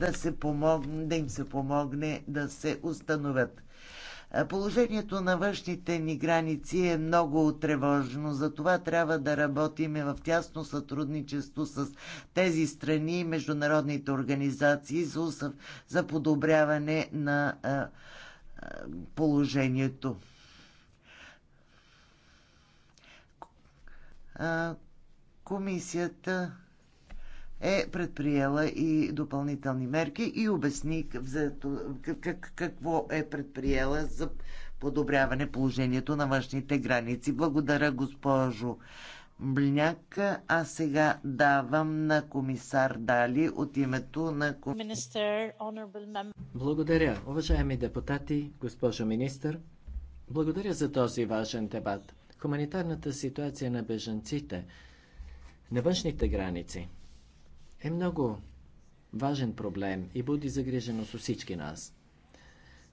да, се помогне, да им се помогне да се установят. Положението на външните ни граници е много тревожно. Затова трябва да работим в тясно сътрудничество с тези страни и международните организации за, за подобряване на положението. комисията е предприела и допълнителни мерки и обясни какво е предприела за подобряване положението на външните граници. Благодаря, госпожо Блиняк. А сега давам на комисар Дали от името на... Благодаря, уважаеми депутати, госпожо министър. Благодаря за този важен дебат. Хуманитарната ситуация на бежанците на външните граници – е много важен проблем и буди загриженост у всички нас.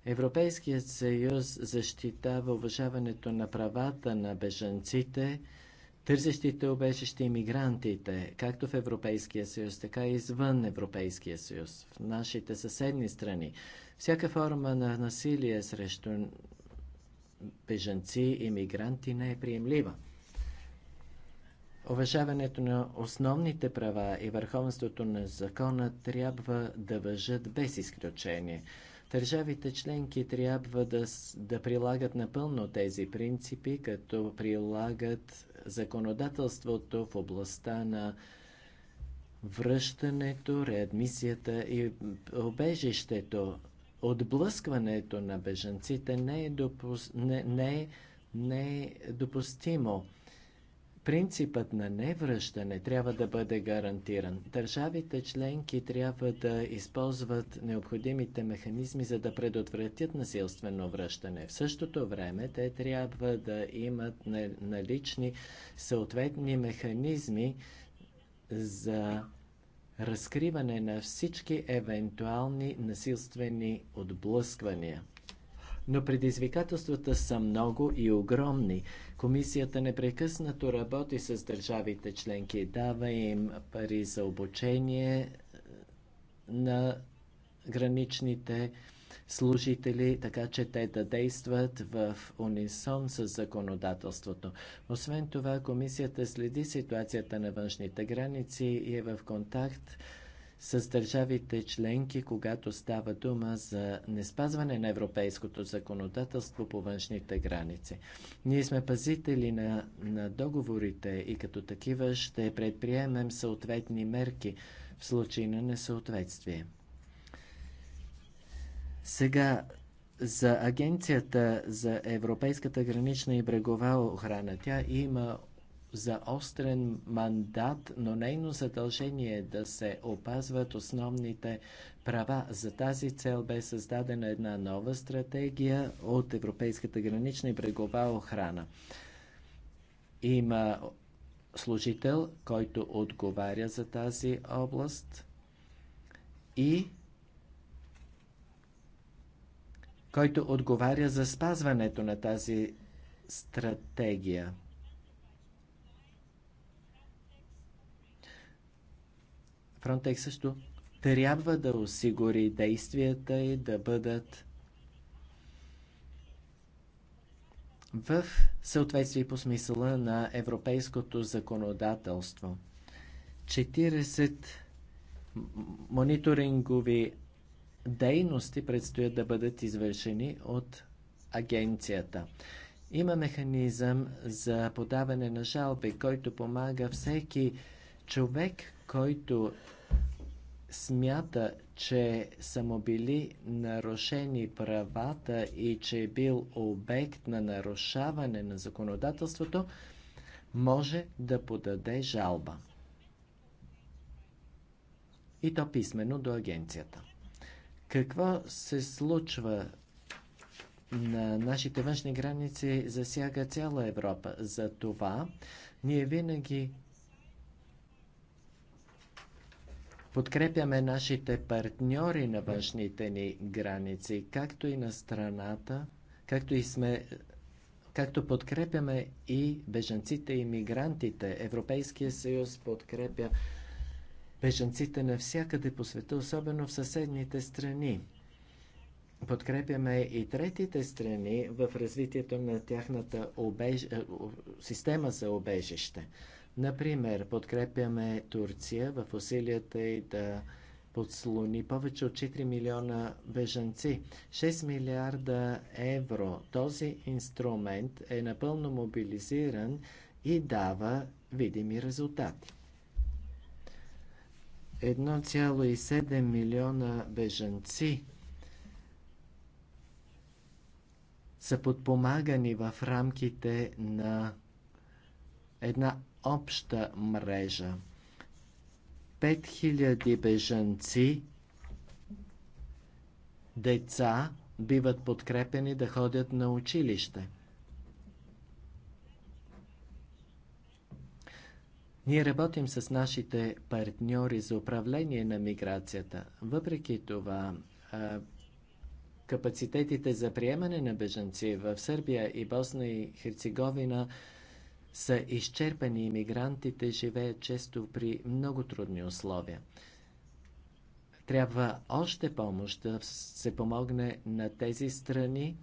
Европейският съюз защитава уважаването на правата на бежанците, търсещите обежище и мигрантите, както в Европейския съюз, така и извън Европейския съюз, в нашите съседни страни. Всяка форма на насилие срещу бежанци и мигранти не е приемлива. Уважаването на основните права и върховенството на закона трябва да въжат без изключение. Държавите членки трябва да, да прилагат напълно тези принципи, като прилагат законодателството в областта на връщането, реадмисията и обежището. Отблъскването на бежанците не е, допус... не, не, е, не е допустимо. Принципът на невръщане трябва да бъде гарантиран. Държавите членки трябва да използват необходимите механизми, за да предотвратят насилствено връщане. В същото време те трябва да имат налични съответни механизми за разкриване на всички евентуални насилствени отблъсквания. Но предизвикателствата са много и огромни. Комисията непрекъснато работи с държавите членки, дава им пари за обучение е, на граничните служители, така че те да действат в унисон с законодателството. Освен това, комисията следи ситуацията на външните граници и е в контакт с държавите членки, когато става дума за неспазване на европейското законодателство по външните граници. Ние сме пазители на, на договорите и като такива ще предприемем съответни мерки в случай на несъответствие. Сега за Агенцията за Европейската гранична и брегова охрана. Тя има заострен мандат, но нейно задължение е да се опазват основните права. За тази цел бе създадена една нова стратегия от Европейската гранична и брегова охрана. Има служител, който отговаря за тази област и който отговаря за спазването на тази стратегия. Фронтекс също трябва да осигури действията и да бъдат в съответствие по смисъла на европейското законодателство. 40 мониторингови дейности предстоят да бъдат извършени от агенцията. Има механизъм за подаване на жалби, който помага всеки човек, който смята, че са му били нарушени правата и че е бил обект на нарушаване на законодателството, може да подаде жалба. И то писменно до агенцията. Какво се случва на нашите външни граници засяга цяла Европа. За това ние винаги Подкрепяме нашите партньори на външните ни граници, както и на страната, както и сме както подкрепяме и беженците и мигрантите. Европейския съюз подкрепя беженците навсякъде по света, особено в съседните страни. Подкрепяме и третите страни в развитието на тяхната обеж... Е, система за обежище. Например, подкрепяме Турция в усилията и да подслони повече от 4 милиона бежанци. 6 милиарда евро. Този инструмент е напълно мобилизиран и дава видими резултати. 1,7 милиона бежанци са подпомагани в рамките на една обща мрежа. 5000 бежанци, деца биват подкрепени да ходят на училище. Ние работим с нашите партньори за управление на миграцията. Въпреки това, капацитетите за приемане на бежанци в Сърбия и Босна и Херцеговина са изчерпани иммигрантите, живеят често при много трудни условия. Трябва още помощ да се помогне на тези страни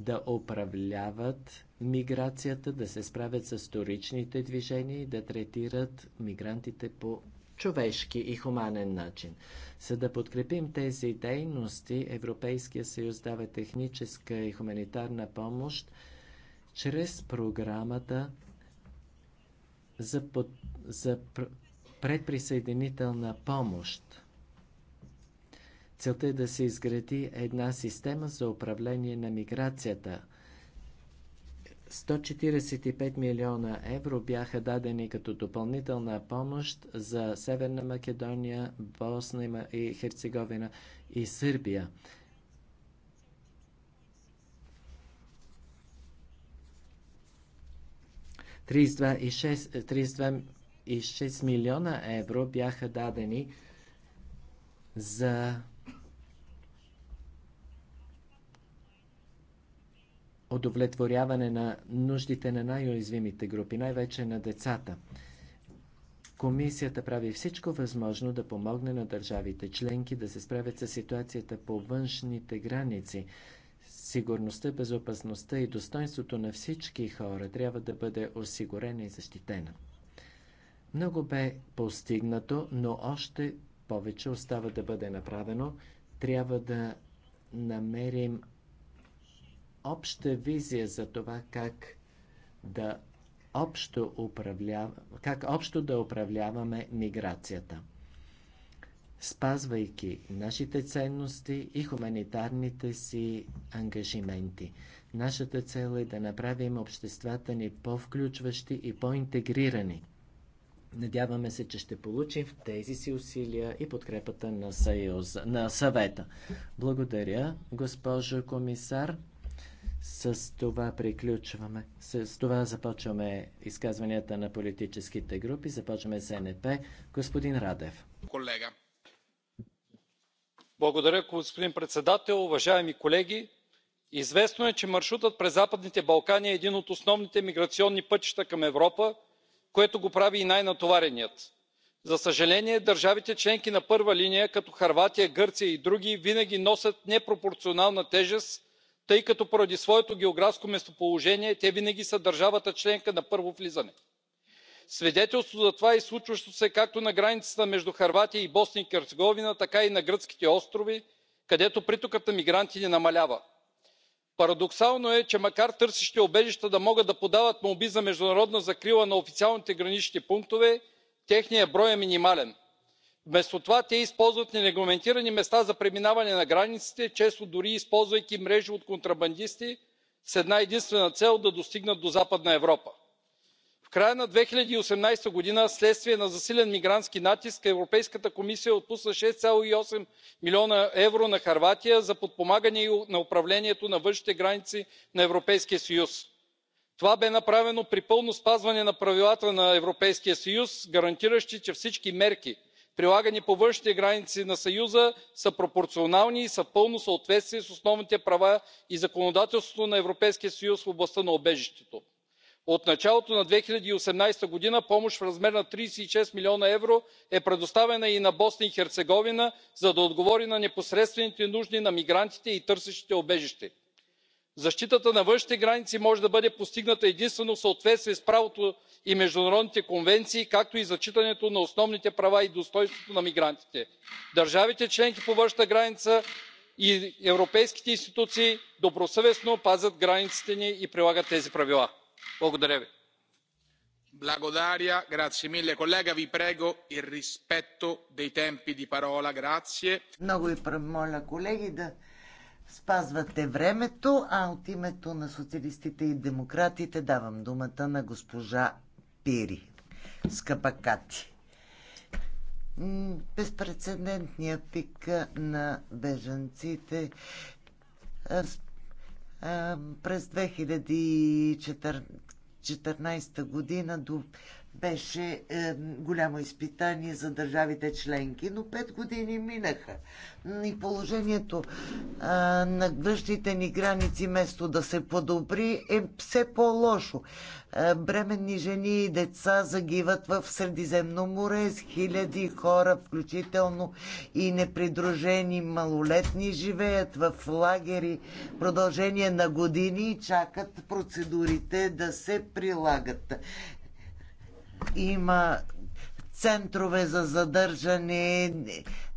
да управляват миграцията, да се справят с вторичните движения и да третират мигрантите по човешки и хуманен начин. За да подкрепим тези дейности, Европейския съюз дава техническа и хуманитарна помощ чрез програмата за, под, за предприсъединителна помощ. Целта е да се изгради една система за управление на миграцията. 145 милиона евро бяха дадени като допълнителна помощ за Северна Македония, Босна и Херцеговина и Сърбия. 32,6 32 милиона евро бяха дадени за удовлетворяване на нуждите на най-уязвимите групи, най-вече на децата. Комисията прави всичко възможно да помогне на държавите членки да се справят с ситуацията по външните граници. Сигурността, безопасността и достоинството на всички хора трябва да бъде осигурена и защитена. Много бе постигнато, но още повече остава да бъде направено. Трябва да намерим обща визия за това как да общо, управлява, как общо да управляваме миграцията спазвайки нашите ценности и хуманитарните си ангажименти. Нашата цел е да направим обществата ни по-включващи и по-интегрирани. Надяваме се, че ще получим в тези си усилия и подкрепата на, съюз, на съвета. Благодаря, госпожо комисар. С това приключваме. С това започваме изказванията на политическите групи. Започваме с НП. Господин Радев. Колега господин председател уважаеми колеги известно е че маршрутът през западните балкани е един от основните миграционни пътища към европа което го прави и най натовареният. за съжаление държавите членки на първа линия като хърватия гърция и други винаги носят непропорционална тежест тъй като поради своето географско местоположение те винаги са държавата членка на първо влизане свидетелство за това е и случващото се както на границата между хърватия и босна и херцеговина така и на гръцките острови където притокът на мигранти не намалява. парадоксално е че макар търсещите убежище да могат да подават молби за международна закрила на официалните гранични пунктове техният брой е минимален. вместо това те използват нерегламентирани места за преминаване на границите често дори използвайки мрежи от контрабандисти с една единствена цел да достигнат до западна европа края на две хиляди и осемнадесета година вследствие на засилен мигрантски натиск европейската комисия отпусна шест осем милиона евро на хърватия за подпомагане на управлението на външните граници на европейския съюз. това бе направено при пълно спазване на правилата на европейския съюз гарантиращи че всички мерки прилагани по външните граници на съюза са пропорционални и са в пълно съответствие с основните права и законодателството на европейския съюз в областта на убежището от началото на две хиляди и осемнадесета година помощ в размер на тридесет и шест милиона евро е предоставена и на босна и херцеговина за да отговори на непосредствените нужди на мигрантите и търсещите убежище. защитата на външните граници може да бъде постигната единствено в съответствие с правото и международните конвенции както и зачитането на основните права и достойнството на мигрантите. държавите членки по външната граница и европейските институции добросъвестно пазят границите ни и прилагат тези правила. Благодаря ви. Благодаря, grazie mille колега. Ви прего il rispetto dei tempi di parola, grazie. Много ви моля, колеги, да спазвате времето, а от името на социалистите и демократите давам думата на госпожа Пири. Скъпа Кати, безпредседентният пик на бежанците през 2014 година до беше е, голямо изпитание за държавите членки, но пет години минаха. И положението е, на външните ни граници, вместо да се подобри, е все по-лошо. Е, бременни жени и деца загиват в Средиземно море с хиляди хора, включително и непридружени малолетни, живеят в лагери продължение на години и чакат процедурите да се прилагат има центрове за задържане,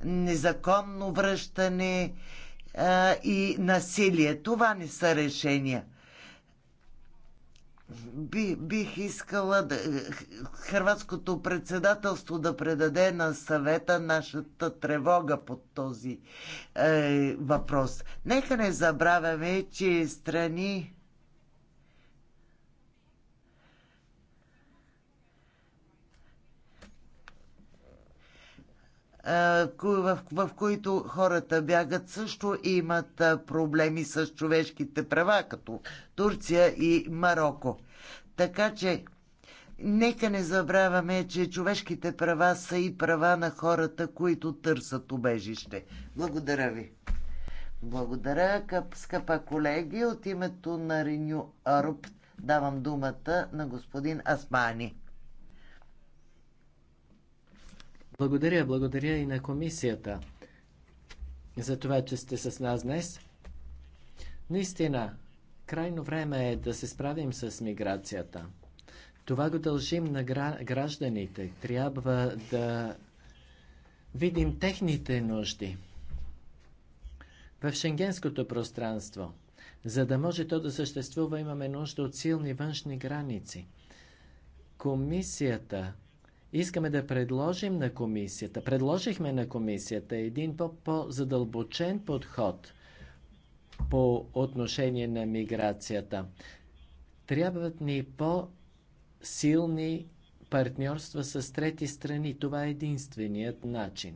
незаконно връщане а, и насилие. Това не са решения. Би, бих искала да, Хрватското председателство да предаде на съвета нашата тревога под този е, въпрос. Нека не забравяме, че страни в, в които хората бягат, също имат проблеми с човешките права, като Турция и Марокко. Така че, нека не забравяме, че човешките права са и права на хората, които търсят убежище. Благодаря ви. Благодаря, скъпа колеги. От името на Реню Аруб давам думата на господин Асмани. Благодаря, благодаря и на комисията за това, че сте с нас днес. Наистина, крайно време е да се справим с миграцията. Това го дължим на гражданите. Трябва да видим техните нужди в шенгенското пространство. За да може то да съществува, имаме нужда от силни външни граници. Комисията Искаме да предложим на комисията, предложихме на комисията един по-задълбочен -по подход по отношение на миграцията. Трябват ни по-силни партньорства с трети страни. Това е единственият начин.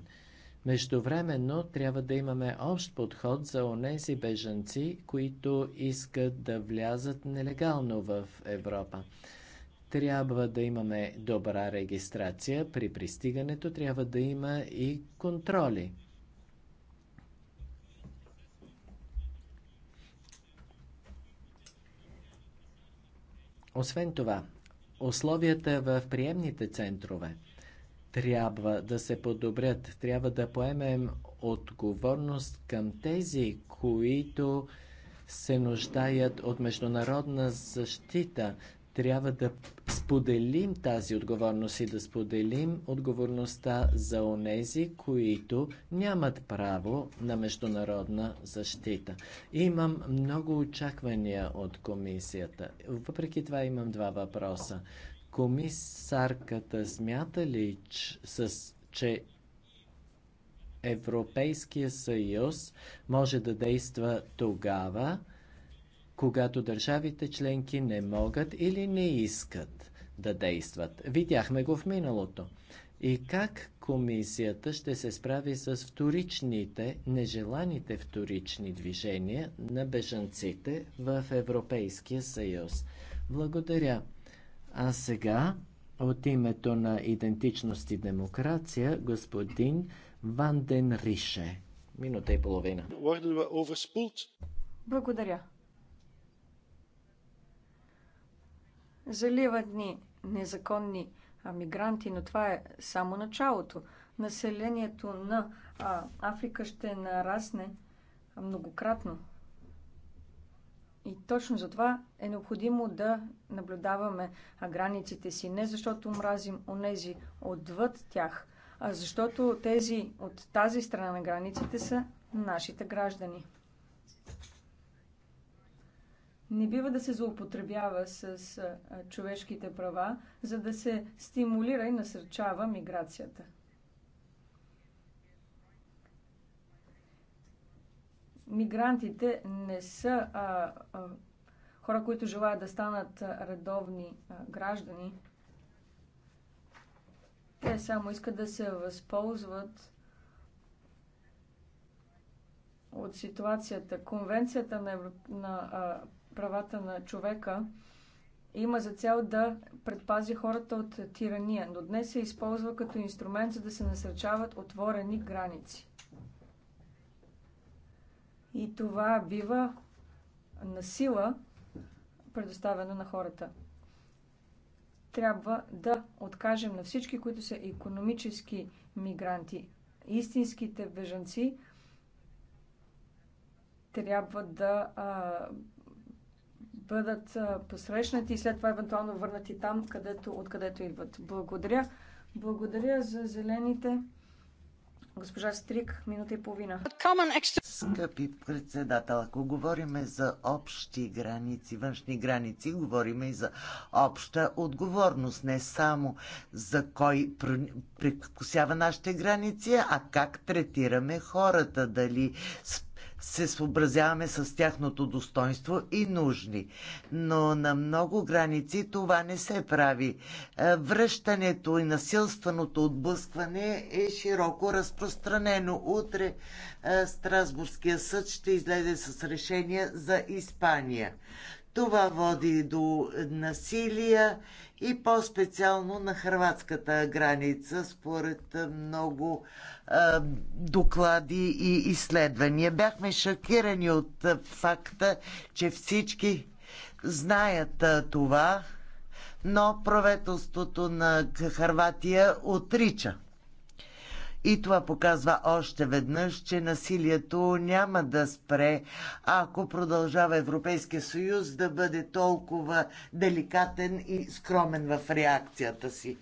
Междувременно трябва да имаме общ подход за онези бежанци, които искат да влязат нелегално в Европа трябва да имаме добра регистрация. При пристигането трябва да има и контроли. Освен това, условията в приемните центрове трябва да се подобрят. Трябва да поемем отговорност към тези, които се нуждаят от международна защита трябва да споделим тази отговорност и да споделим отговорността за онези, които нямат право на международна защита. Имам много очаквания от комисията. Въпреки това имам два въпроса. Комисарката смята ли, че, с, че Европейския съюз може да действа тогава, когато държавите членки не могат или не искат да действат. Видяхме го в миналото. И как комисията ще се справи с вторичните, нежеланите вторични движения на бежанците в Европейския съюз? Благодаря. А сега от името на идентичност и демокрация господин Ванден Рише. Минута и половина. Благодаря. Заливат ни незаконни мигранти, но това е само началото. Населението на а, Африка ще нарасне многократно. И точно затова е необходимо да наблюдаваме границите си. Не защото мразим онези отвъд тях, а защото тези от тази страна на границите са нашите граждани. Не бива да се злоупотребява с човешките права, за да се стимулира и насърчава миграцията. Мигрантите не са а, а, хора, които желаят да станат редовни а, граждани. Те само искат да се възползват от ситуацията. Конвенцията на, Европ... на а, правата на човека има за цел да предпази хората от тирания, но днес се използва като инструмент, за да се насърчават отворени граници. И това бива насила предоставена на хората. Трябва да откажем на всички, които са економически мигранти. Истинските бежанци трябва да а, бъдат посрещнати и след това евентуално върнати там, където, откъдето идват. Благодаря. Благодаря за зелените. Госпожа Стрик, минута и половина. Скъпи председател, ако говориме за общи граници, външни граници, говориме и за обща отговорност, не само за кой прекусява нашите граници, а как третираме хората, дали спазваме се съобразяваме с тяхното достоинство и нужни. Но на много граници това не се прави. Е, връщането и насилственото отблъскване е широко разпространено. Утре е, Страсбургския съд ще излезе с решение за Испания. Това води до насилия и по-специално на хрватската граница, според много е, доклади и изследвания. Бяхме шокирани от факта, че всички знаят това, но правителството на Харватия отрича и това показва още веднъж, че насилието няма да спре, ако продължава Европейския съюз да бъде толкова деликатен и скромен в реакцията си.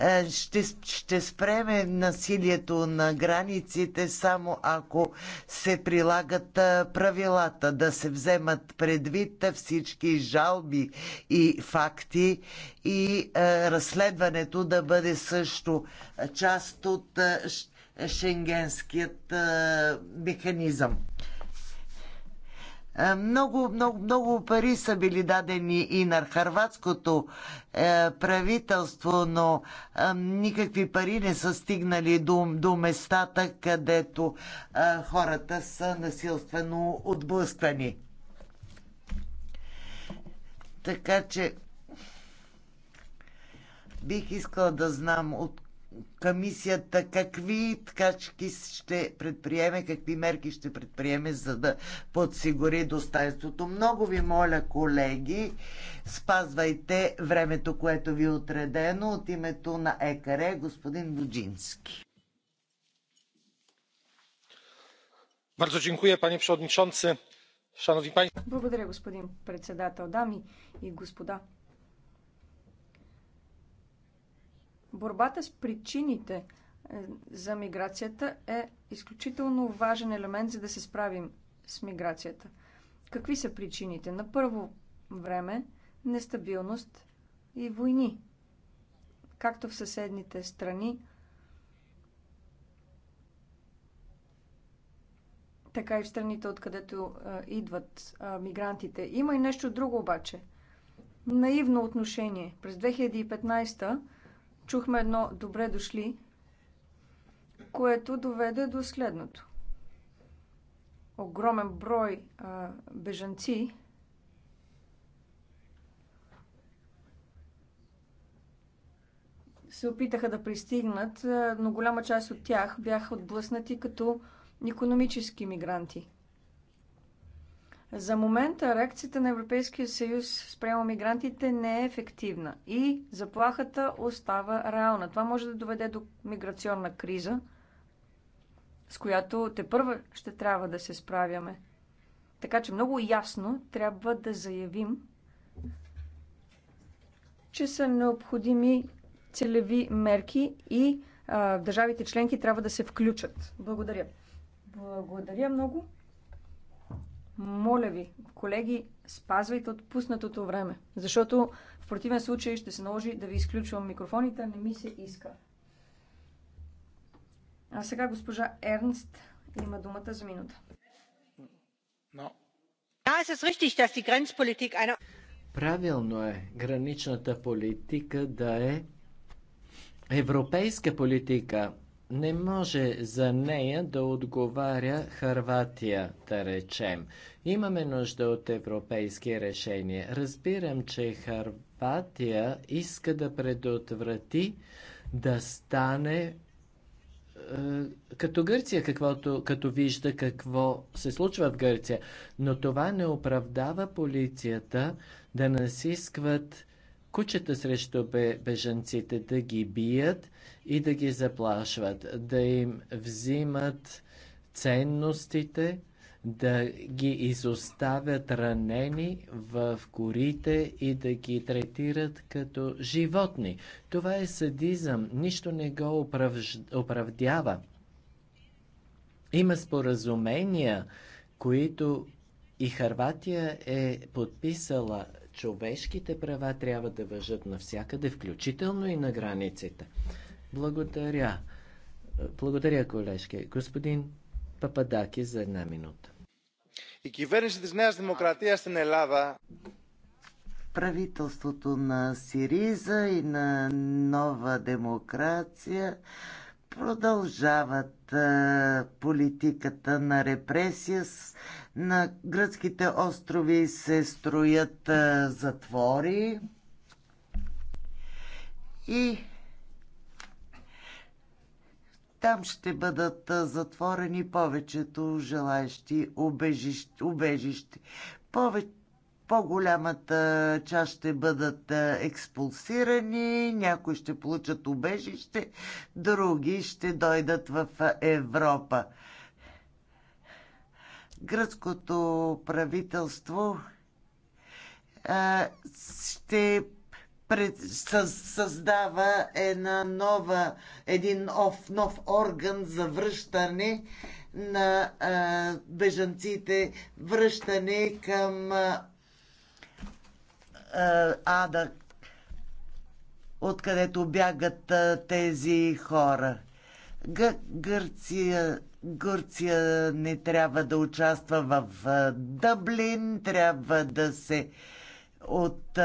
Е, ще, ще спреме насилието на границите само ако се прилагат е, правилата, да се вземат предвид всички жалби и факти и е, разследването да бъде също част от шенгенският механизъм. Е, много, много, много пари са били дадени и на харватското е, правителство, но е, никакви пари не са стигнали до, до местата, където хората са насилствено отблъсквани. Така че бих искала да знам от комисията какви ткачки ще предприеме, какви мерки ще предприеме, за да подсигури достоинството. Много ви моля, колеги, спазвайте времето, което ви е отредено от името на ЕКАРЕ, господин Буджински. Bardzo dziękuję, panie przewodniczący. Szanowni państwo. Благодаря, господин председател. Дами и господа. Борбата с причините е, за миграцията е изключително важен елемент, за да се справим с миграцията. Какви са причините? На първо време нестабилност и войни. Както в съседните страни, така и в страните, откъдето а, е, идват а, е, мигрантите. Има и нещо друго обаче. Наивно отношение. През 2015 чухме едно добре дошли, което доведе до следното. Огромен брой а, бежанци се опитаха да пристигнат, но голяма част от тях бяха отблъснати като економически мигранти. За момента реакцията на Европейския съюз спрямо мигрантите не е ефективна и заплахата остава реална. Това може да доведе до миграционна криза, с която те първа ще трябва да се справяме. Така че много ясно трябва да заявим, че са необходими целеви мерки и а, държавите членки трябва да се включат. Благодаря. Благодаря много. Моля ви, колеги, спазвайте отпуснатото време, защото в противен случай ще се наложи да ви изключвам микрофоните, не ми се иска. А сега госпожа Ернст има думата за минута. Е Правилно е граничната политика да е европейска политика, не може за нея да отговаря Харватия, да речем. Имаме нужда от европейски решения. Разбирам, че Харватия иска да предотврати да стане е, като Гърция, каквото, като вижда какво се случва в Гърция. Но това не оправдава полицията да насискват кучета срещу бежанците, да ги бият и да ги заплашват, да им взимат ценностите, да ги изоставят ранени в горите и да ги третират като животни. Това е садизъм, нищо не го оправдява. Има споразумения, които и Харватия е подписала човешките права трябва да въжат навсякъде, включително и на границите. Благодаря. Благодаря, колежки. Господин Пападаки за една минута. Η κυβέρνηση της Νέας Δημοκρατίας στην Ελλάδα правителството на Сириза и на нова демокрация продължават политиката на репресия. На гръцките острови се строят затвори и там ще бъдат затворени повечето желаещи убежище. убежище. Повече по-голямата част ще бъдат експулсирани, някои ще получат убежище, други ще дойдат в Европа. Гръцкото правителство ще пред, създава една нова, един нов, нов орган за връщане на а, бежанците, връщане към а, е, Ада, откъдето бягат е, тези хора. Г- Гърция, Гърция не трябва да участва в е, Дъблин, трябва да се от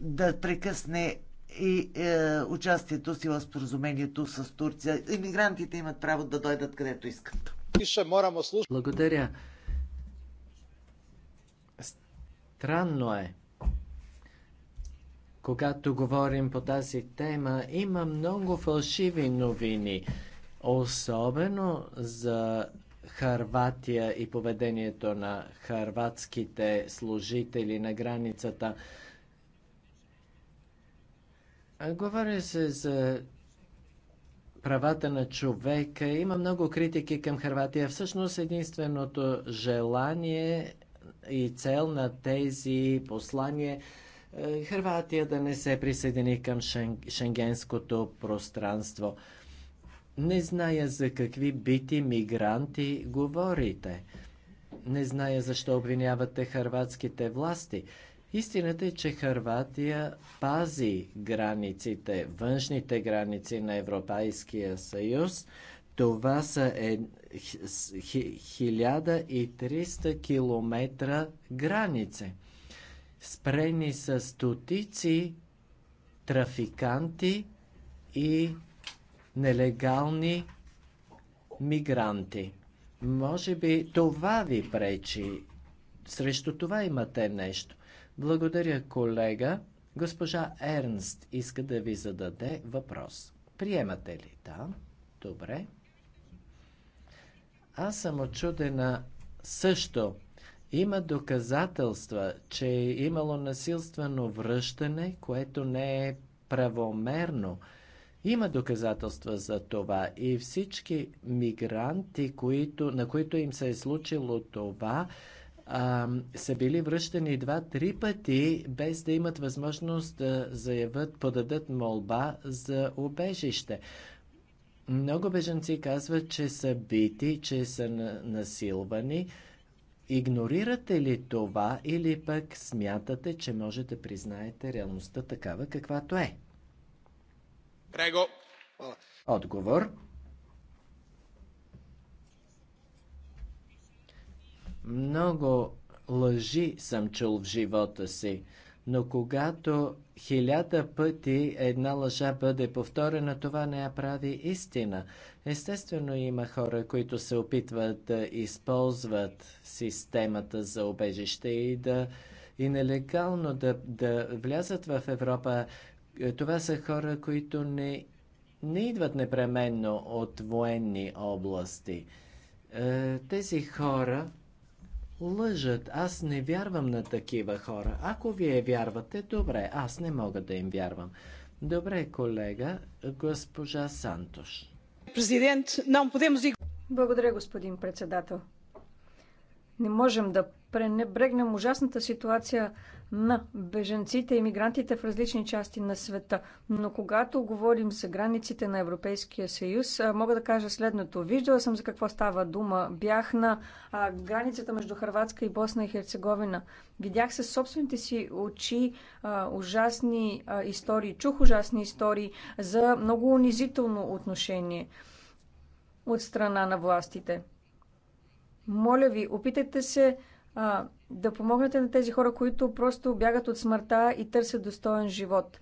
да прекъсне и е, участието си в споразумението с Турция. Имигрантите имат право да дойдат където искат. Благодаря. Странно е. Когато говорим по тази тема, има много фалшиви новини, особено за Харватия и поведението на харватските служители на границата. Говори се за правата на човека. Има много критики към Харватия. Всъщност единственото желание и цел на тези послания е, Хрватия да не се присъедини към шенгенското пространство. Не зная за какви бити мигранти говорите. Не зная защо обвинявате хърватските власти. Истината е, че Хърватия пази границите, външните граници на Европейския съюз. Това са е 1300 км граница. Спрени са стотици трафиканти и нелегални мигранти. Може би това ви пречи. Срещу това имате нещо. Благодаря, колега. Госпожа Ернст иска да ви зададе въпрос. Приемате ли? Да. Добре. Аз съм очудена също. Има доказателства, че е имало насилствено връщане, което не е правомерно. Има доказателства за това и всички мигранти, които, на които им се е случило това, а, са били връщани два-три пъти, без да имат възможност да заявят, подадат молба за убежище. Много беженци казват, че са бити, че са насилвани. Игнорирате ли това или пък смятате, че можете да признаете реалността такава, каквато е? Прего. Отговор. Много лъжи съм чул в живота си. Но когато хиляда пъти една лъжа бъде повторена, това не я прави истина. Естествено има хора, които се опитват да използват системата за обежище и да и нелегално да, да влязат в Европа. Това са хора, които не, не идват непременно от военни области. Е, тези хора лъжат. Аз не вярвам на такива хора. Ако вие вярвате, добре, аз не мога да им вярвам. Добре, колега, госпожа Сантош. Президент, нам подем Благодаря, господин председател. Не можем да пренебрегнем ужасната ситуация на беженците и мигрантите в различни части на света. Но когато говорим за границите на Европейския съюз, мога да кажа следното. Виждала съм за какво става дума. Бях на а, границата между Харватска и Босна и Херцеговина. Видях със собствените си очи а, ужасни а, истории, чух ужасни истории за много унизително отношение от страна на властите. Моля ви, опитайте се а, да помогнете на тези хора, които просто бягат от смъртта и търсят достоен живот.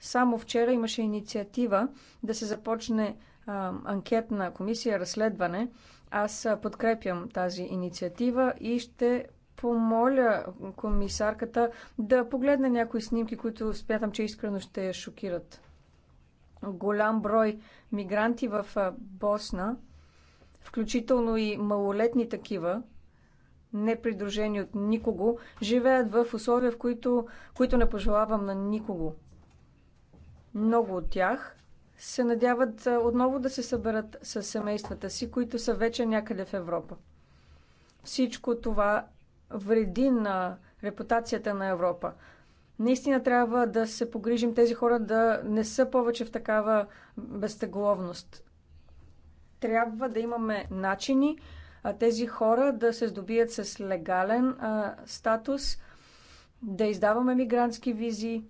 Само вчера имаше инициатива да се започне а, анкетна комисия, разследване. Аз подкрепям тази инициатива и ще помоля комисарката да погледне някои снимки, които смятам, че искрено ще я шокират. Голям брой мигранти в Босна включително и малолетни такива, непридружени от никого, живеят в условия, в които, които не пожелавам на никого. Много от тях се надяват отново да се съберат с семействата си, които са вече някъде в Европа. Всичко това вреди на репутацията на Европа. Наистина трябва да се погрижим тези хора да не са повече в такава безтегловност трябва да имаме начини тези хора да се здобият с легален статус, да издаваме мигрантски визи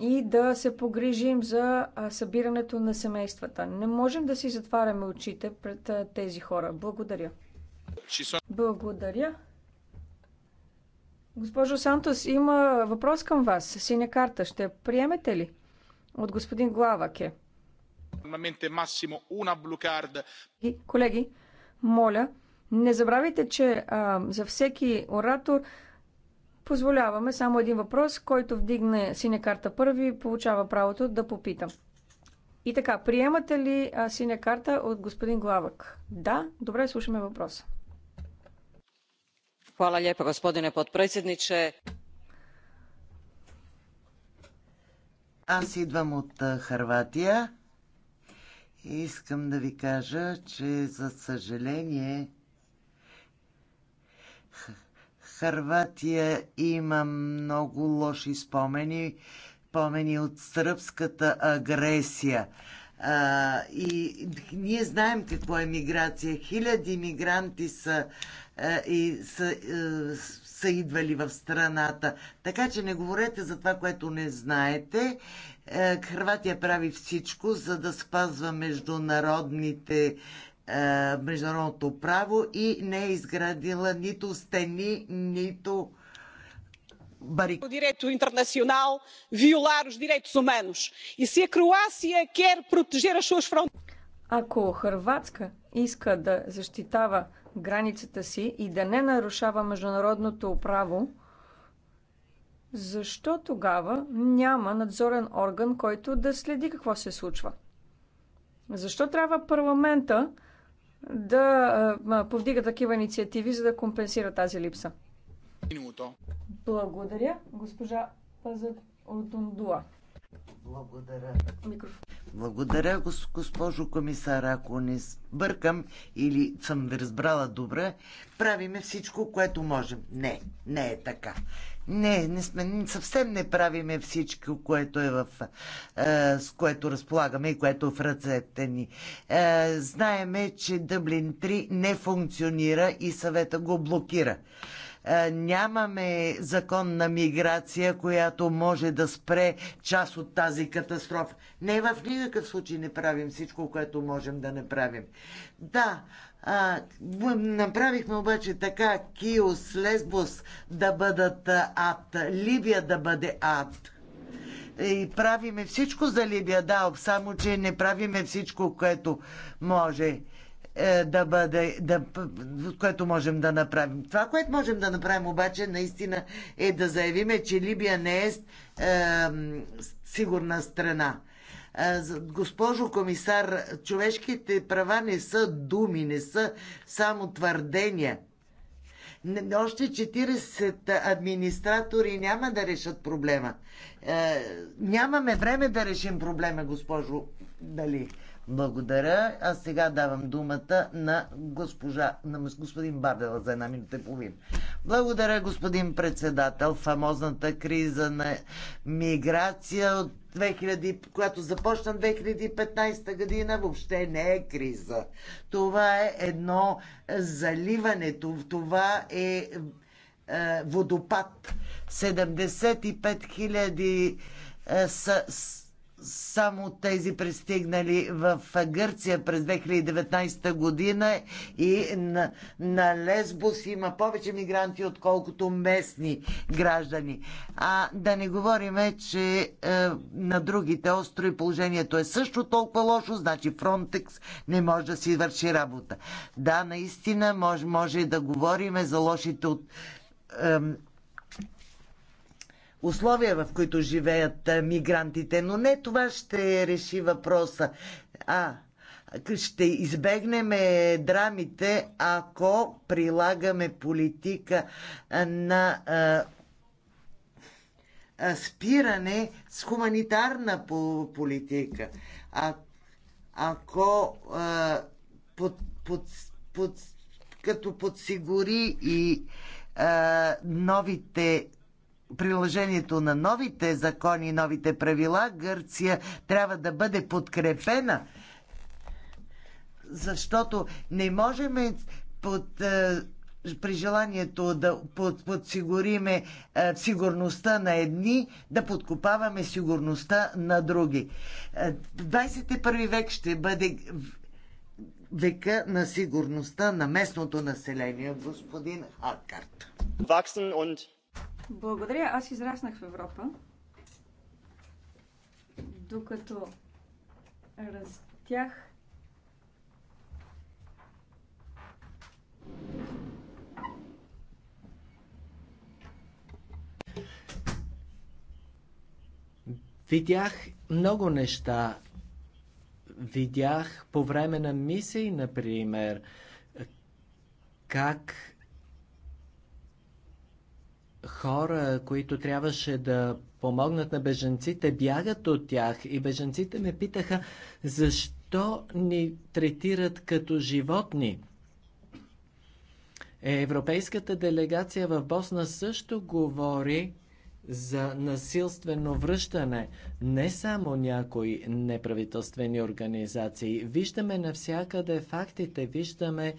и да се погрижим за събирането на семействата. Не можем да си затваряме очите пред тези хора. Благодаря. Благодаря. Госпожо Сантос, има въпрос към вас. Синя карта ще приемете ли? От господин Главаке. Колеги, моля, не забравяйте, че а, за всеки оратор позволяваме само един въпрос, който вдигне синя карта първи, получава правото да попита. И така, приемате ли а, синя карта от господин Главък? Да, добре, слушаме въпроса. Хвала lijepo господине подпредседниче. Аз идвам от Харватия Искам да ви кажа, че за съжаление Харватия има много лоши спомени, спомени от сръбската агресия. А, и ние знаем какво е миграция. Хиляди мигранти са, а, и, са, а, са идвали в страната. Така че не говорете за това, което не знаете. Е, Хрватия прави всичко, за да спазва международните е, международното право и не е изградила нито стени, нито барик. Директо интернационал, виолар violar os direitos humanos. E se a Croácia quer proteger as suas Ако Хрватска иска да защитава границата си и да не нарушава международното право, защо тогава няма надзорен орган, който да следи какво се случва? Защо трябва парламента да повдига такива инициативи, за да компенсира тази липса? Благодаря, госпожа Пазът Ордундуа. Благодаря. Благодаря, госпожо комисар. Ако не сбъркам или съм разбрала добре, правиме всичко, което можем. Не, не е така. Не, не сме, съвсем не правиме всичко, което е в, е, с което разполагаме и което е в ръцете ни. Е, знаеме, че Дъблин 3 не функционира и съвета го блокира. Е, нямаме закон на миграция, която може да спре част от тази катастрофа. Не, в никакъв случай не правим всичко, което можем да направим. Да, а, направихме обаче така Киос, Лесбос да бъдат ад, Либия да бъде ад. И правиме всичко за Либия, да, само че не правиме всичко, което може. Е, да бъде, да, което можем да направим. Това, което можем да направим обаче наистина е да заявиме, че Либия не е, е сигурна страна. Е, госпожо комисар, човешките права не са думи, не са само твърдения. Още 40 администратори няма да решат проблема. Е, нямаме време да решим проблема, госпожо Дали. Благодаря. А сега давам думата на, госпожа, на господин Бабела за една минута и половина. Благодаря, господин председател. Фамозната криза на миграция от 2000, която започна 2015 година, въобще не е криза. Това е едно заливане, това е, е водопад. 75 000. Е, са само тези пристигнали в Гърция през 2019 година и на, на Лесбос има повече мигранти, отколкото местни граждани. А да не говориме, че е, на другите острови положението е също толкова лошо, значи Фронтекс не може да си върши работа. Да, наистина може, може да говориме за лошите от условия, в които живеят мигрантите, но не това ще реши въпроса. А, ще избегнем е, драмите, ако прилагаме политика на а, спиране с хуманитарна политика. А, ако а, под, под, под, като подсигури и а, новите приложението на новите закони, новите правила, Гърция трябва да бъде подкрепена, защото не можем под е, при желанието да под, подсигуриме е, сигурността на едни, да подкопаваме сигурността на други. Е, 21 век ще бъде века на сигурността на местното население, господин Харкарт. Благодаря. Аз израснах в Европа, докато растях. Видях много неща. Видях по време на мисии, например, как хора, които трябваше да помогнат на беженците, бягат от тях. И беженците ме питаха, защо ни третират като животни? Е, европейската делегация в Босна също говори за насилствено връщане. Не само някои неправителствени организации. Виждаме навсякъде фактите, виждаме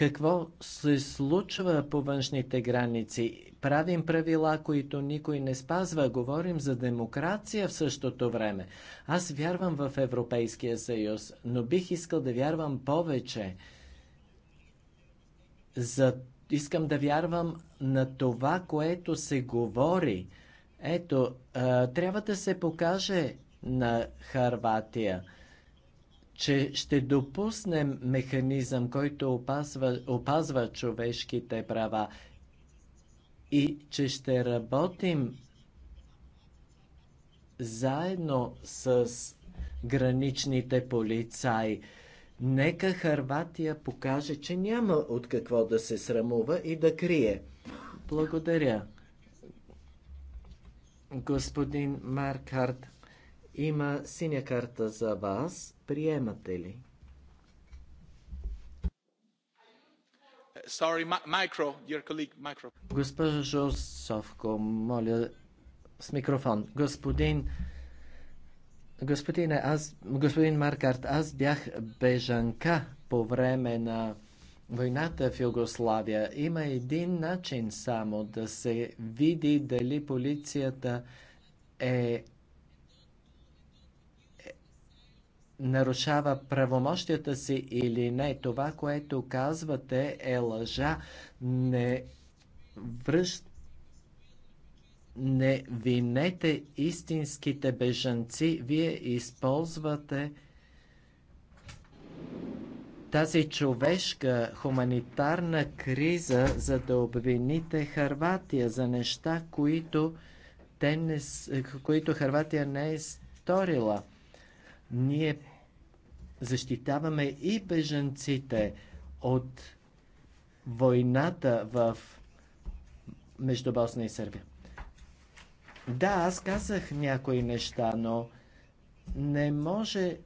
какво се случва по външните граници? Правим правила, които никой не спазва. Говорим за демокрация в същото време. Аз вярвам в Европейския съюз, но бих искал да вярвам повече. За... Искам да вярвам на това, което се говори. Ето, трябва да се покаже на Харватия – че ще допуснем механизъм, който опазва, опазва човешките права и че ще работим заедно с граничните полицаи. Нека Харватия покаже, че няма от какво да се срамува и да крие. Благодаря. Господин Маркарт. Има синя карта за вас. Приемате ли? Sorry, micro, your colleague, micro. Госпожо Совко, моля с микрофон. Господин Господине, аз, господин Маркарт, аз бях бежанка по време на войната в Югославия. Има един начин само да се види дали полицията е нарушава правомощията си или не. Това, което казвате е лъжа. Не връщ... Не винете истинските бежанци. Вие използвате тази човешка хуманитарна криза, за да обвините Харватия за неща, които, те не, които Харватия не е сторила. Ние защитаваме и бежанците от войната в между Босна и Сърбия. Да, аз казах някои неща, но не може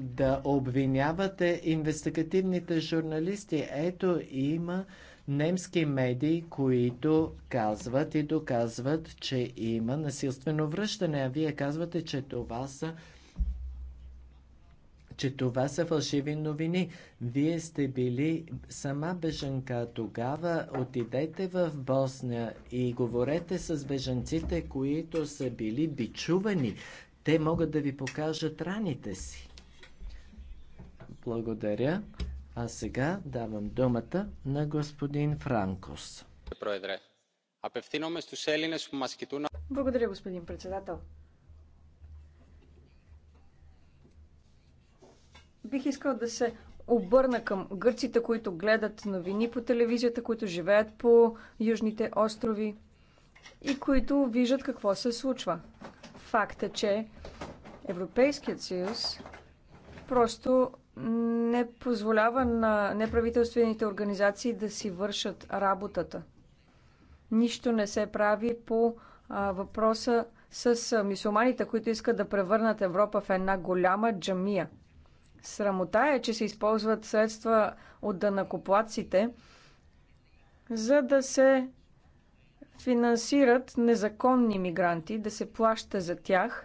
да обвинявате инвестигативните журналисти. Ето има немски медии, които казват и доказват, че има насилствено връщане, а вие казвате, че това са че това са фалшиви новини. Вие сте били сама бежанка тогава. Отидете в Босния и говорете с бежанците, които са били бичувани. Те могат да ви покажат раните си. Благодаря. А сега давам думата на господин Франкос. Благодаря, господин председател. Бих искал да се обърна към гърците, които гледат новини по телевизията, които живеят по южните острови и които виждат какво се случва. Факт е, че Европейският съюз просто не позволява на неправителствените организации да си вършат работата. Нищо не се прави по а, въпроса с мисуманите, които искат да превърнат Европа в една голяма джамия – Срамота е, че се използват средства от данакоплаците, за да се финансират незаконни мигранти, да се плаща за тях.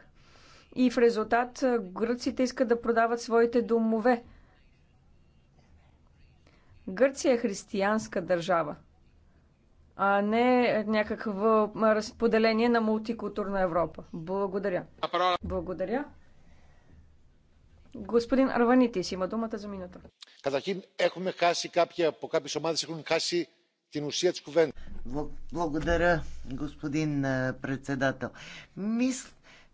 И в резултат гръците искат да продават своите домове. Гърция е християнска държава, а не някакво разподеление на мултикултурна Европа. Благодаря. Благодаря. Господин Арванитис има думата за минута. Καταρχήν, έχουμε χάσει κάποια, από κάποιες ομάδες έχουν χάσει την ουσία της Благодаря, господин председател.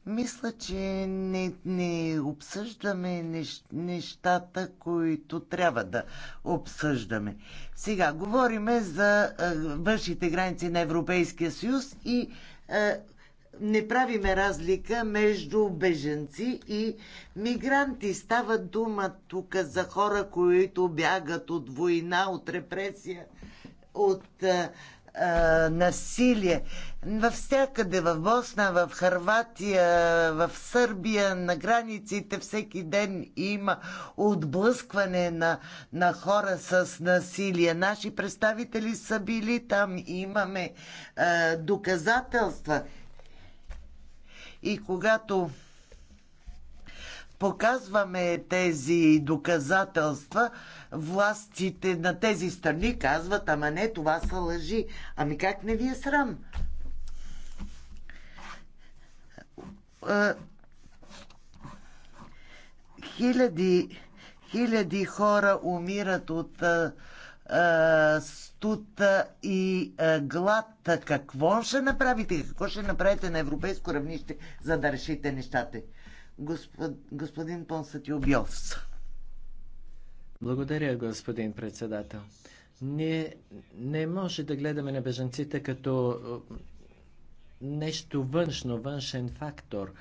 Мисля, че не, не обсъждаме нещ, нещата, които трябва да обсъждаме. Сега говориме за е, външните граници на Европейския съюз и не правиме разлика между беженци и мигранти. Става дума тук за хора, които бягат от война, от репресия, от а, а, насилие. Навсякъде, в Босна, в Харватия, в Сърбия, на границите всеки ден има отблъскване на, на хора с насилие. Наши представители са били там, имаме а, доказателства. И когато показваме тези доказателства, властите на тези страни казват, ама не, това са лъжи. Ами как не ви е срам? Хиляди, хиляди хора умират от стута и глад. Какво ще направите? Какво ще направите на европейско равнище, за да решите нещата? Господ, господин Понсатиобиовс. Благодаря, господин председател. Ние не може да гледаме на бежанците като нещо външно, външен фактор.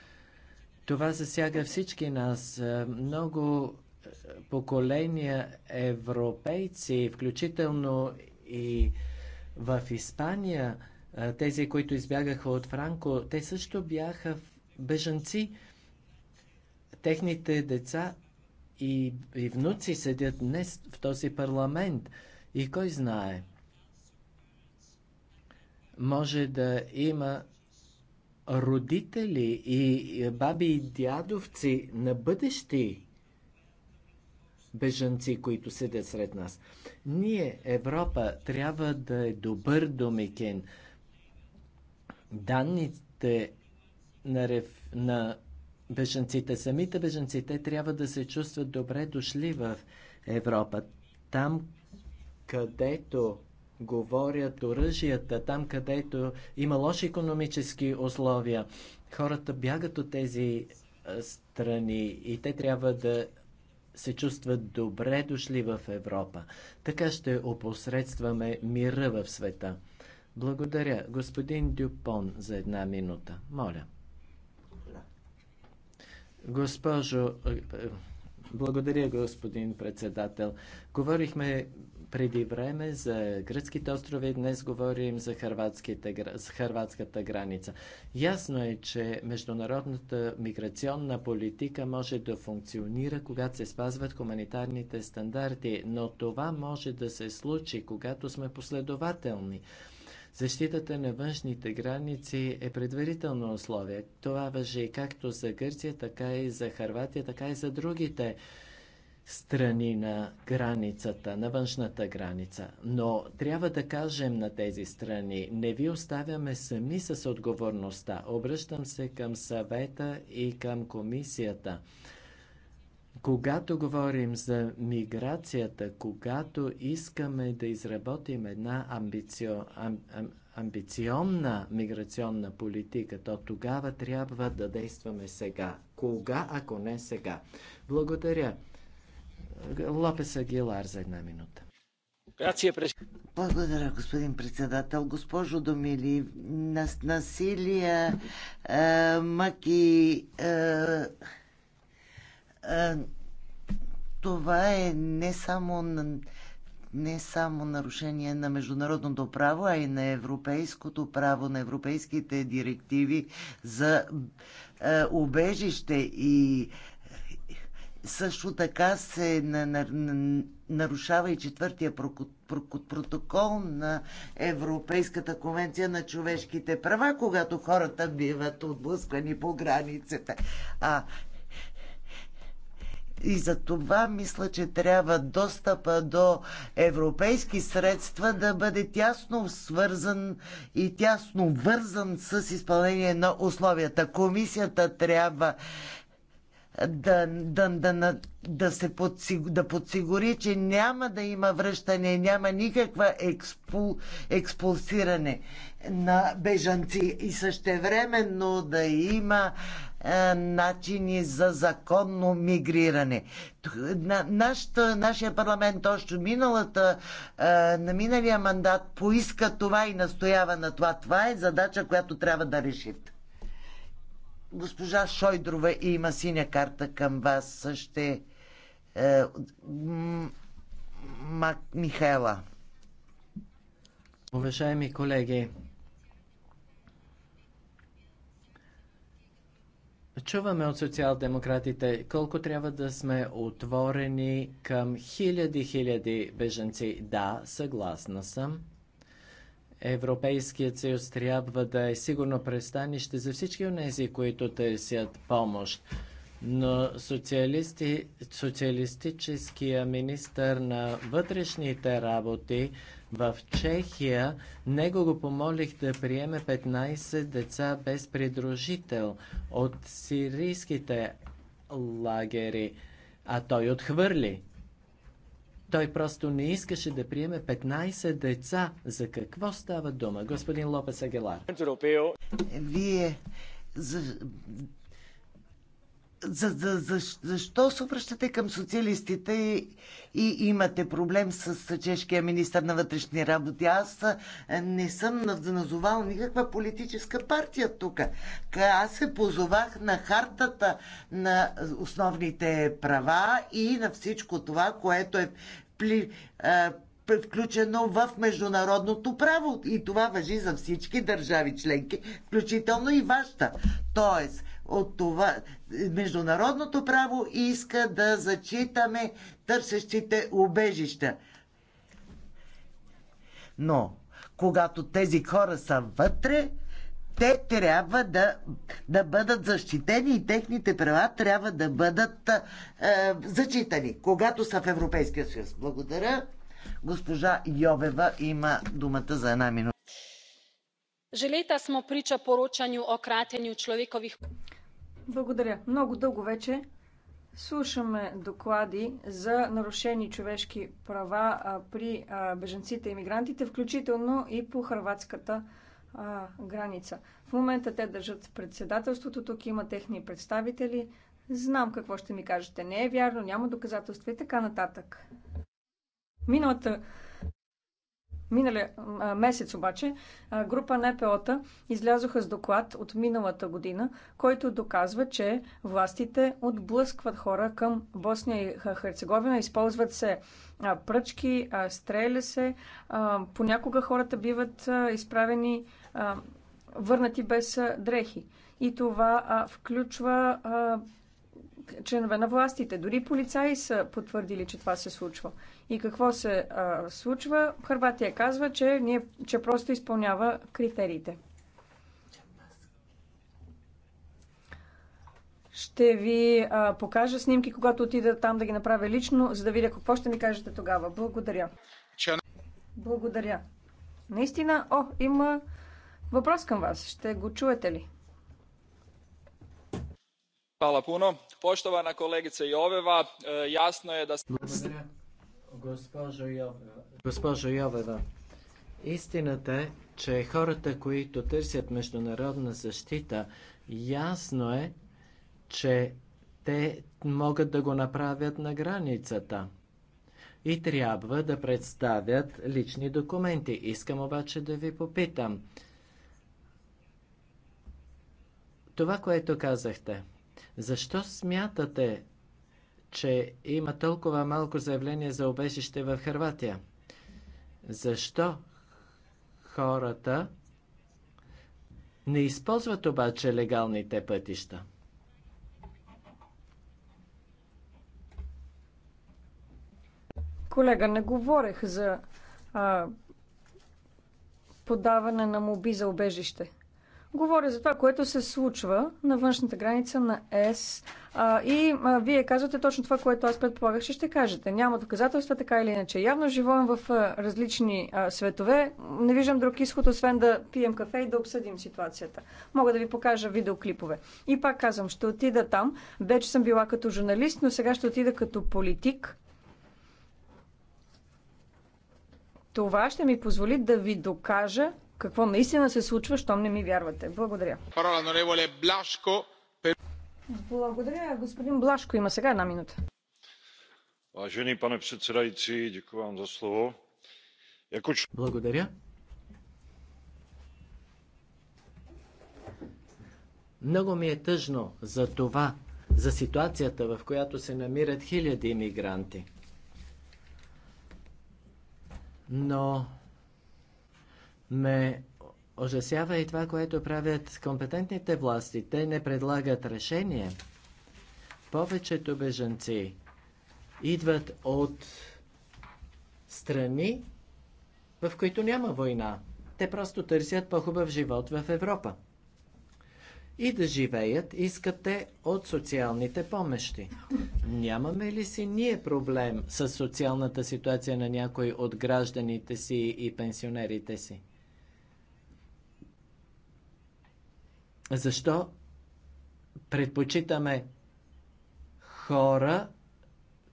Това засяга всички нас. Много поколения европейци, включително и в Испания, тези, които избягаха от Франко, те също бяха бежанци. Техните деца и, и внуци седят днес в този парламент. И кой знае, може да има родители и баби и дядовци на бъдещи бежанци, които седят сред нас. Ние, Европа, трябва да е добър домикен. Данните на, реф... на бежанците, самите бежанците трябва да се чувстват добре дошли в Европа. Там, където говорят оръжията, там където има лоши економически условия. Хората бягат от тези страни и те трябва да се чувстват добре дошли в Европа. Така ще опосредстваме мира в света. Благодаря, господин Дюпон, за една минута. Моля. Госпожо, е, е, благодаря, господин председател. Говорихме преди време за гръцките острови, днес говорим за, за хърватската граница. Ясно е, че международната миграционна политика може да функционира, когато се спазват хуманитарните стандарти, но това може да се случи, когато сме последователни. Защитата на външните граници е предварително условие. Това въжи както за Гърция, така и за Харватия, така и за другите страни на границата, на външната граница. Но трябва да кажем на тези страни, не ви оставяме сами с отговорността. Обръщам се към съвета и към комисията. Когато говорим за миграцията, когато искаме да изработим една амбицио, ам, ам, амбициозна миграционна политика, то тогава трябва да действаме сега. Кога, ако не сега? Благодаря. Лопес Агилар за една минута. Благодаря, господин председател. Госпожо Домили, нас, насилие, е, мъки, е, е, това е не само не само нарушение на международното право, а и на европейското право, на европейските директиви за е, убежище и също така се нарушава и четвъртия протокол на Европейската конвенция на човешките права, когато хората биват отблъсквани по границите. А, и за това мисля, че трябва достъпа до европейски средства да бъде тясно свързан и тясно вързан с изпълнение на условията. Комисията трябва да, да, да, да, се подсигури, да подсигури, че няма да има връщане, няма никаква експу, експулсиране на бежанци и същевременно да има е, начини за законно мигриране. На, нашата, нашия парламент още миналата, е, на миналия мандат поиска това и настоява на това. Това е задача, която трябва да решите. Госпожа Шойдрова има синя карта към вас. Ще... Е, Мак Михайла. Уважаеми колеги, Чуваме от социал-демократите колко трябва да сме отворени към хиляди-хиляди беженци. Да, съгласна съм. Европейският съюз трябва да е сигурно пристанище за всички от тези, които търсят помощ. Но социалисти, социалистическия министр на вътрешните работи в Чехия, него го помолих да приеме 15 деца без придружител от сирийските лагери, а той отхвърли. Той просто не искаше да приеме 15 деца. За какво става дума? Господин Лопес Агелар. Вие за, за, за, за, защо се обръщате към социалистите и, и имате проблем с чешкия министр на вътрешни работи? Аз не съм назовал никаква политическа партия тук. Аз се позовах на хартата на основните права и на всичко това, което е пли, а, включено в международното право. И това въжи за всички държави членки, включително и вашата. Тоест, от това международното право и иска да зачитаме търсещите убежища. Но, когато тези хора са вътре, те трябва да, да бъдат защитени и техните права трябва да бъдат е, зачитани, когато са в Европейския съюз. Благодаря. Госпожа Йовева има думата за една минута. Желета смо прича priča о o kratenju благодаря. Много дълго вече слушаме доклади за нарушени човешки права при беженците и мигрантите, включително и по хрватската граница. В момента те държат председателството, тук има техни представители. Знам какво ще ми кажете. Не е вярно, няма доказателства и така нататък. Миналата Миналия месец обаче група НПО-та излязоха с доклад от миналата година, който доказва, че властите отблъскват хора към Босния и Херцеговина, използват се пръчки, стреля се, понякога хората биват изправени, върнати без дрехи. И това включва членове на властите. Дори полицаи са потвърдили, че това се случва. И какво се а, случва? Харватия казва, че, ние, че просто изпълнява критериите. Ще ви а, покажа снимки, когато отида там да ги направя лично, за да видя какво ще ми кажете тогава. Благодаря. Благодаря. Наистина, о, има въпрос към вас. Ще го чуете ли? Poštovana kolegice Joveva, ясно е да... Госпожо Йовева, истината е, че хората, които търсят международна защита, ясно е, че те могат да го направят на границата и трябва да представят лични документи. Искам обаче да ви попитам. Това, което казахте, защо смятате, че има толкова малко заявления за обежище в Харватия? Защо хората не използват обаче легалните пътища? Колега, не говорех за а, подаване на моби за обежище. Говоря за това, което се случва на външната граница на ЕС. А, и а, вие казвате точно това, което аз предполагах, че ще кажете. Няма доказателства, така или иначе. Явно живеем в а, различни а, светове. Не виждам друг изход, освен да пием кафе и да обсъдим ситуацията. Мога да ви покажа видеоклипове. И пак казвам, ще отида там. Вече съм била като журналист, но сега ще отида като политик. Това ще ми позволи да ви докажа, какво наистина се случва, щом не ми вярвате. Благодаря. Благодаря. Господин Блашко има сега една минута. Важени пане председайци, дякувам за слово. Благодаря. Много ми е тъжно за това, за ситуацията, в която се намират хиляди иммигранти. Но ме ужасява и това, което правят компетентните власти. Те не предлагат решение. Повечето бежанци идват от страни, в които няма война. Те просто търсят по-хубав живот в Европа. И да живеят искате от социалните помощи. Нямаме ли си ние проблем с социалната ситуация на някой от гражданите си и пенсионерите си? Защо предпочитаме хора,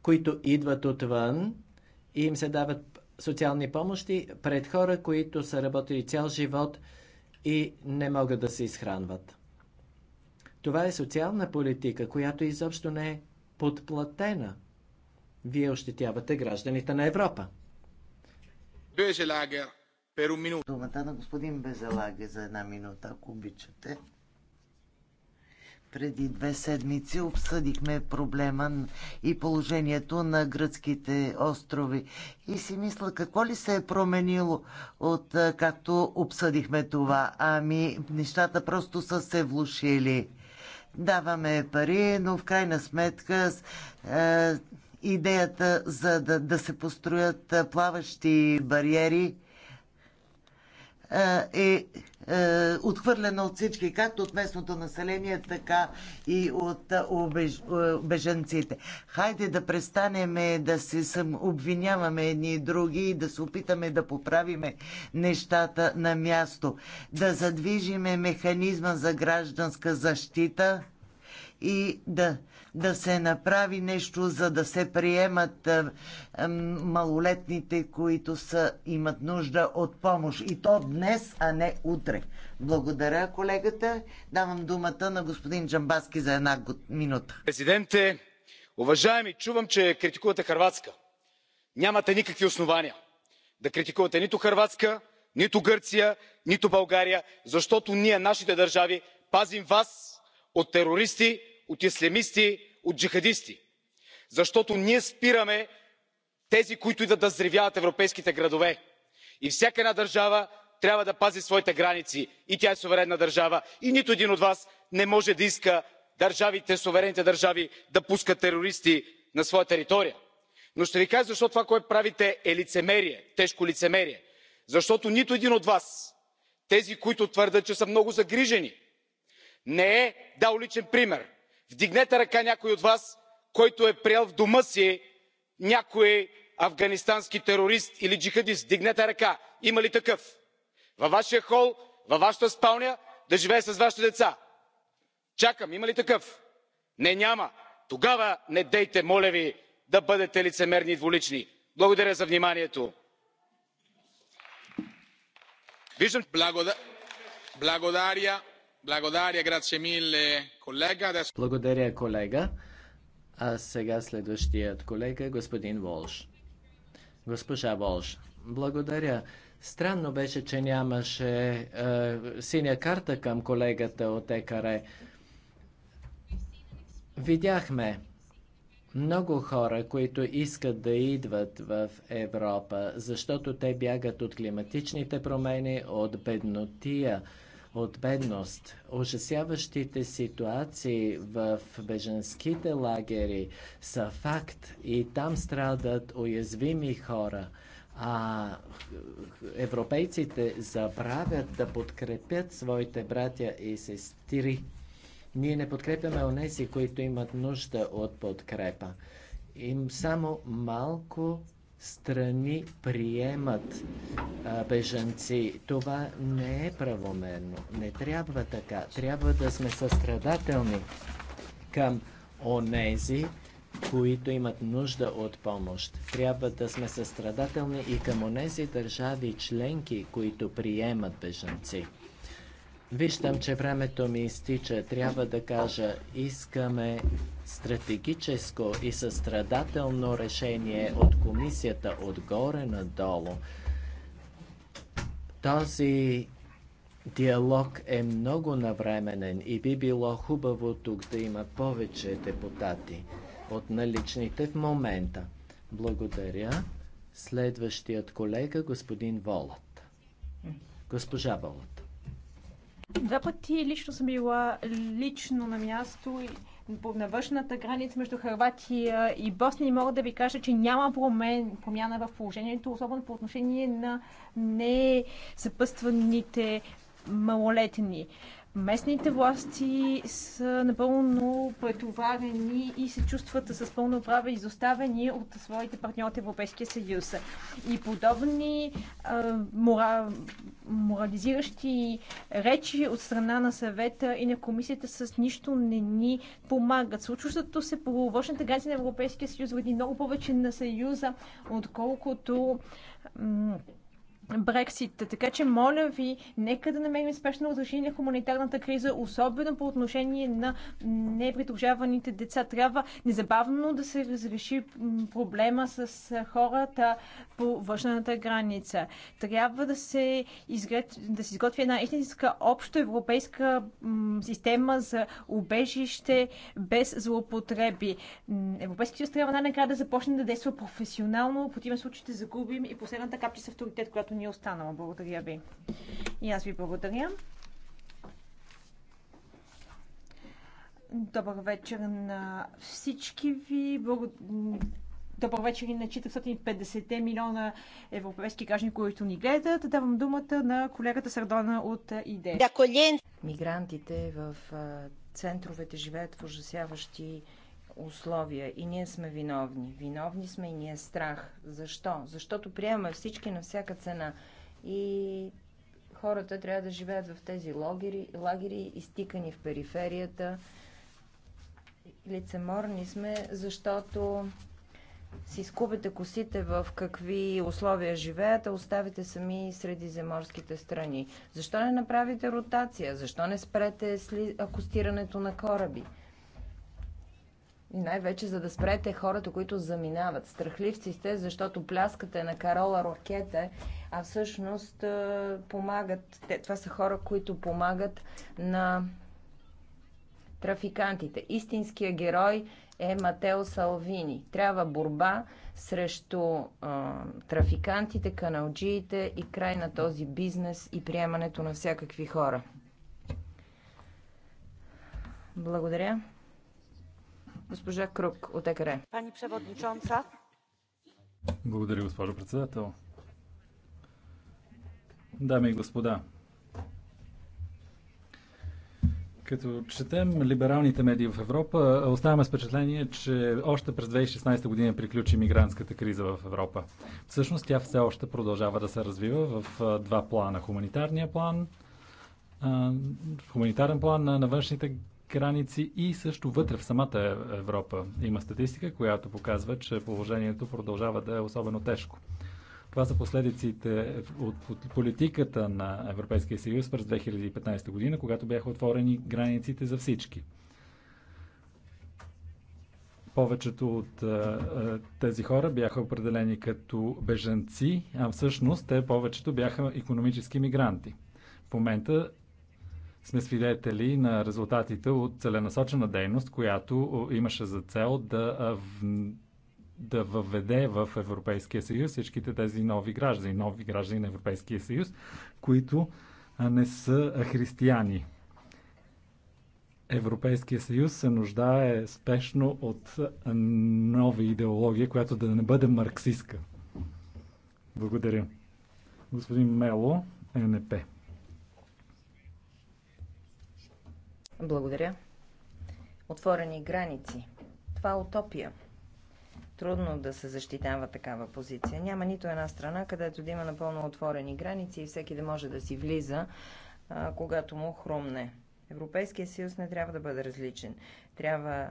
които идват отвън и им се дават социални помощи, пред хора, които са работили цял живот и не могат да се изхранват. Това е социална политика, която изобщо не е подплатена. Вие ощетявате гражданите на Европа. Думата на господин Безелаге за една минута, ако обичате преди две седмици обсъдихме проблема и положението на гръцките острови. И си мисля, какво ли се е променило от както обсъдихме това? Ами, нещата просто са се влушили. Даваме пари, но в крайна сметка е, идеята за да, да се построят плаващи бариери е, е, отхвърлена от всички, както от местното население, така и от е, беженците. Хайде да престанеме да се обвиняваме едни и други и да се опитаме да поправиме нещата на място, да задвижиме механизма за гражданска защита и да да се направи нещо, за да се приемат е, малолетните, които са, имат нужда от помощ. И то днес, а не утре. Благодаря, колегата. Давам думата на господин Джамбаски за една минута. Президенте, уважаеми, чувам, че критикувате Харватска. Нямате никакви основания да критикувате нито Харватска, нито Гърция, нито България, защото ние, нашите държави, пазим вас от терористи, от ислямисти от джихадисти защото ние спираме тези които идват да взривяват европейските градове. И всяка една държава трябва да пази своите граници и тя е суверенна държава и нито един от вас не може да иска държавите, суверенните държави да пускат терористи на своя територия. но ще ви кажа защо това което правите е лицемерие тежко лицемерие. защото нито един от вас тези които твърдят че са много загрижени не е дал личен пример вдигнете ръка някой от вас който е приел в дома си някой афганистански терорист или джихадист. вдигнете ръка! има ли такъв? във вашия хол във вашата спалня да живее с вашите деца? чакам има ли такъв? не няма. тогава недейте моля ви да бъдете лицемерни и двулични. благодаря за вниманието. Благодаря, колега. А сега следващият колега, господин Волш. Госпожа Волш, благодаря. Странно беше, че нямаше е, синя карта към колегата от ЕКАРЕ. Видяхме много хора, които искат да идват в Европа, защото те бягат от климатичните промени, от беднотия от бедност, ужасяващите ситуации в беженските лагери са факт и там страдат уязвими хора. А европейците забравят да подкрепят своите братя и сестри. Ние не подкрепяме онези, които имат нужда от подкрепа. Им само малко страни приемат а, бежанци. Това не е правомерно. Не трябва така. Трябва да сме състрадателни към онези, които имат нужда от помощ. Трябва да сме състрадателни и към онези държави членки, които приемат бежанци. Виждам, че времето ми изтича. Трябва да кажа, искаме стратегическо и състрадателно решение от комисията отгоре надолу. Този диалог е много навременен и би било хубаво тук да има повече депутати от наличните в момента. Благодаря. Следващият колега, господин Волът. Госпожа Волът. Два пъти лично съм била лично на място и на външната граница между Харватия и Босния и мога да ви кажа, че няма промен, промяна в положението, особено по отношение на несъпъстваните малолетни местните власти са напълно претоварени и се чувстват с пълно право изоставени от своите партньори от Европейския съюз. И подобни а, мора, морализиращи речи от страна на съвета и на комисията с нищо не ни помагат. Случващото се по външната граница на Европейския съюз води много повече на съюза, отколкото Брексит. Така че, моля ви, нека да намерим спешно разрешение на хуманитарната криза, особено по отношение на непридружаваните деца. Трябва незабавно да се разреши проблема с хората по външната граница. Трябва да се, изгрет... да се изготви една истинска общо европейска система за убежище без злоупотреби. Европейския съюз трябва най-накрая да започне да действа професионално, в противен случай ще загубим и последната капча с авторитет, която която ни е останала. Благодаря ви. И аз ви благодаря. Добър вечер на всички ви. Благодаря. Добър вечер и на 450 милиона европейски граждани, които ни гледат. Давам думата на колегата Сардона от ИДЕ. Мигрантите в центровете живеят в ужасяващи условия и ние сме виновни. Виновни сме и ние страх. Защо? Защото приемаме всички на всяка цена. И хората трябва да живеят в тези лагери, лагери, изтикани в периферията. Лицеморни сме, защото си скубете косите в какви условия живеят, а оставите сами средиземорските страни. Защо не направите ротация? Защо не спрете сли... акустирането на кораби? И Най-вече за да спрете хората, които заминават. Страхливци сте, защото пляскате на Карола Рокета, а всъщност помагат. Те, това са хора, които помагат на трафикантите. Истинския герой е Матео Салвини. Трябва борба срещу а, трафикантите, каналджиите и край на този бизнес и приемането на всякакви хора. Благодаря. Госпожа Крук от ЕКР. Пани Преводничонца. Благодаря, госпожо председател. Дами и господа, като четем либералните медии в Европа, оставаме с впечатление, че още през 2016 година приключи мигрантската криза в Европа. Всъщност тя все още продължава да се развива в два плана. Хуманитарния план, хуманитарен план на, на външните граници и също вътре в самата Европа. Има статистика, която показва, че положението продължава да е особено тежко. Това са последиците от политиката на Европейския съюз през 2015 година, когато бяха отворени границите за всички. Повечето от а, тези хора бяха определени като бежанци, а всъщност те повечето бяха економически мигранти. В момента сме свидетели на резултатите от целенасочена дейност, която имаше за цел да, да въведе в Европейския съюз всичките тези нови граждани, нови граждани на Европейския съюз, които не са християни. Европейския съюз се нуждае спешно от нова идеология, която да не бъде марксистка. Благодаря. Господин Мело, НП. Благодаря. Отворени граници. Това е утопия. Трудно да се защитава такава позиция. Няма нито една страна, където да има напълно отворени граници и всеки да може да си влиза, а, когато му хрумне. Европейския съюз не трябва да бъде различен. Трябва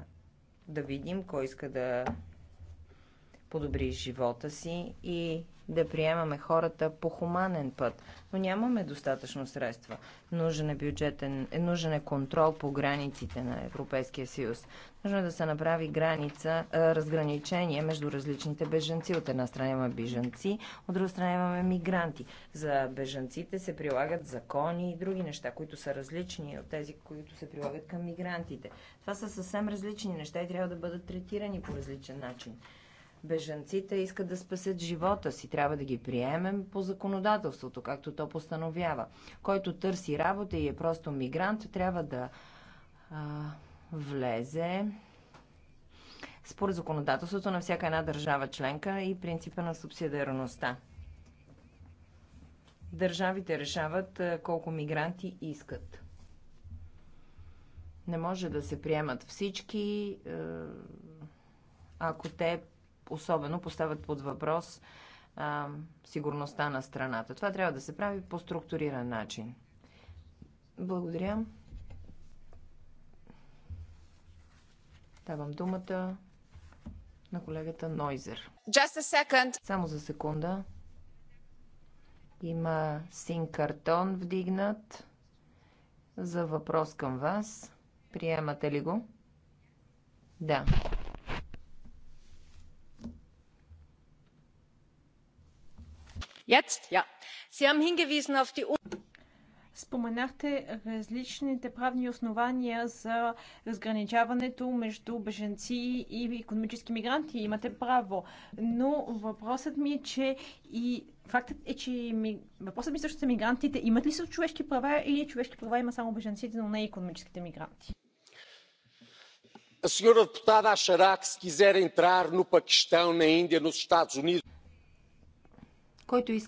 да видим кой иска да подобри живота си и да приемаме хората по хуманен път. Но нямаме достатъчно средства. Нужен е, бюджетен, е, нужен е контрол по границите на Европейския съюз. Нужно е да се направи граница, е, разграничение между различните беженци. От една страна имаме беженци, от друга страна имаме мигранти. За беженците се прилагат закони и други неща, които са различни от тези, които се прилагат към мигрантите. Това са съвсем различни неща и трябва да бъдат третирани по различен начин. Бежанците искат да спасят живота си. Трябва да ги приемем по законодателството, както то постановява. Който търси работа и е просто мигрант, трябва да а, влезе според законодателството на всяка една държава членка и принципа на субсидиарността. Държавите решават колко мигранти искат. Не може да се приемат всички, ако те особено поставят под въпрос а, сигурността на страната. Това трябва да се прави по структуриран начин. Благодаря. Давам думата на колегата Нойзер. Just a second. Само за секунда. Има син картон вдигнат за въпрос към вас. Приемате ли го? Да. Споменахте различните правни основания за разграничаването между беженци и економически мигранти. Имате право. Но въпросът ми е, че и фактът е, че ми... въпросът ми също са мигрантите. Имат ли са човешки права или човешки права има само беженците, но не и економическите мигранти? A senhora deputada achará que se quiser entrar no Paquistão, na Índia, nos Estados Unidos който иска